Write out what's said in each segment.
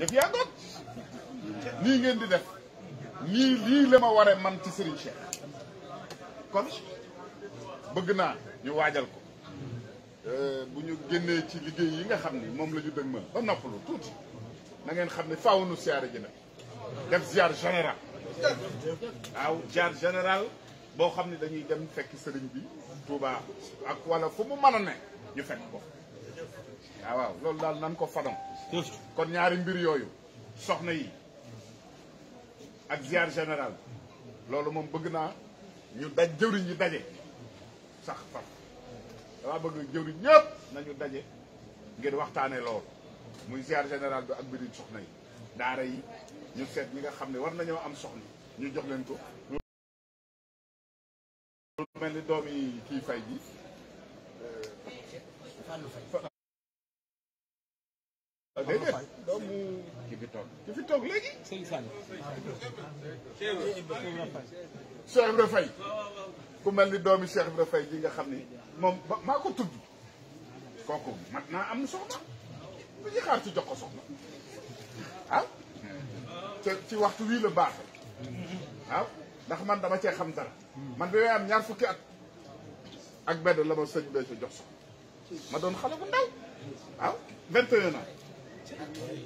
yëf yaa ngoog nii ngeen di def nii lii la ma waree man ci Serigne Cheikh kon bëgg naa ñu waajal ko euh, bu ñu génnee ci liggéey yi nga xam ni moom la ñu dëg ma ba noppalu tuuti na ngeen xam ne faaw nu siyaare ji nag def ziar général waaw ziar général boo xam ne dañuy dem fekk sëriñ bi Touba ak wala fu mu mën a ne ñu fekk ko Ah, waaw loolu daal nan ko fadam kon ñaari mbir yooyu soxna yi ak ziar général loolu moom bëgg naa ñu daj jëwriñ ñi daje sax far damaa bëgg jëwriñ ñëpp nañu daje ngir waxtaanee loolu muy ziar général bi ak mbiriñ soxna yi daara yi ñu seet ñi nga xam ne war nañoo am soxna ñu jox leen ko mel ni doomi kii fay ji Ah, déedéet ah, doomu ki fi toog fi toog léegi. sëñ Sall. Cheikh Ibra ku mel ni doomi Cheikh Ibra Faye ji nga xam ni moom maa ko tudd kooku mat naa am soxna bu ñu xaar ci jox ko soxna ah te ci waxtu wii la baaxe waaw ah? ndax man dama cee xam dara man bi may am ñaar fukki at ak benn la ma sëñ Béthio jox soxna ma doon xale bu ndaw waaw vingt et un ans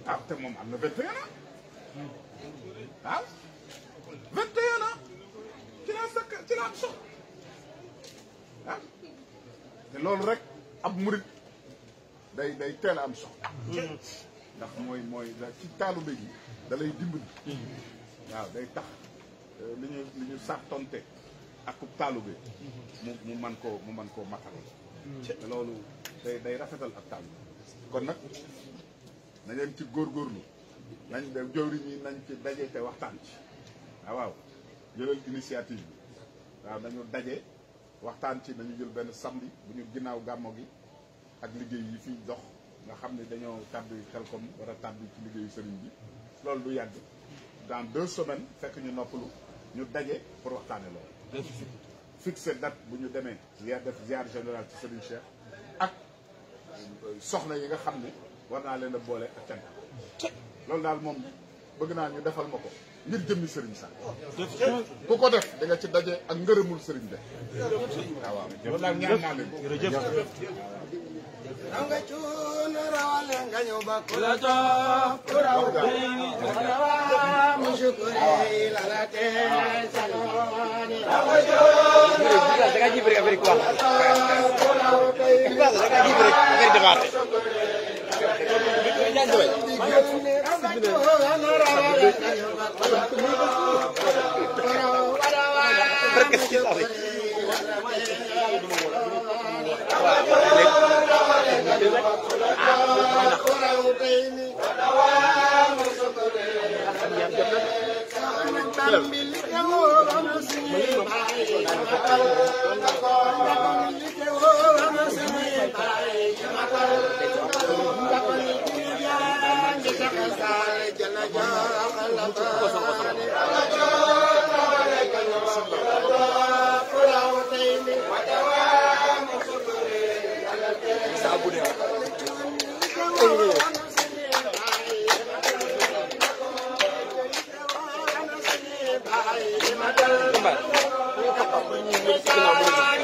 ah te moom am na vingt et un ah, vingt et un ci laa sakk ci laa am sox te loolu rek ab murit day day teel am sox ndax mooy mooy ci taalube gi dalay lay dimbali waaw day tax euh, li ñu li ñu sartonte ak taalube mu mu man koo mu man koo matal mm. loolu day day rafetal ak taalube kon nag na leen ci góorgóorlu nañ dem jëwriñ yi nañ ci daje te waxtaan ci waaw ah, waaw jëlal initiative bi waaw nañu daje waxtaan ci nañu jël benn samedi bu ñu ginnaaw gàmmo gi ak liggéey yi fi dox nga xam ne dañoo tàbbi Xelcom war a tàbbi ci liggéeyu sëriñ bi loolu du yàgg dans deux semaines fekk ñu noppalu ñu daje pour waxtaane loolu fixé date bu ñu demee ziar def ziar général ci sëriñ Cheikh ak soxna yi nga xam ne war naa leen a boole ak cant loolu daal moom bëgg naa ñu defal ma ko ngir jëmmi sëriñ sax ku ko def da nga ci daje ak ngërëmul sëriñ de waaw waaw loolu daal ñaan naa leen nga cuun rawale nga ñëw ba ku la topp raw rawa mu sukuri la la te sanooni nga cuun rawale nga ñëw ba ku la topp raw rawa mu sukuri la la te sanooni Gracias. Thank you.